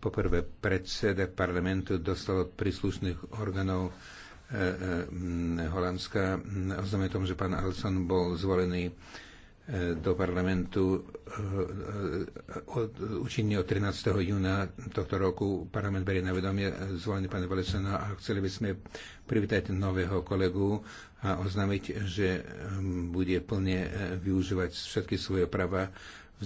Poprvé, predseda parlamentu dostal od príslušných orgánov e, e, Holandska oznámenie tom, že pán Alson bol zvolený e, do parlamentu od, účinne od 13. júna tohto roku. Parlament berie na vedomie zvolený pán Alson a chceli by sme privítať nového kolegu a oznámiť, že bude plne využívať všetky svoje práva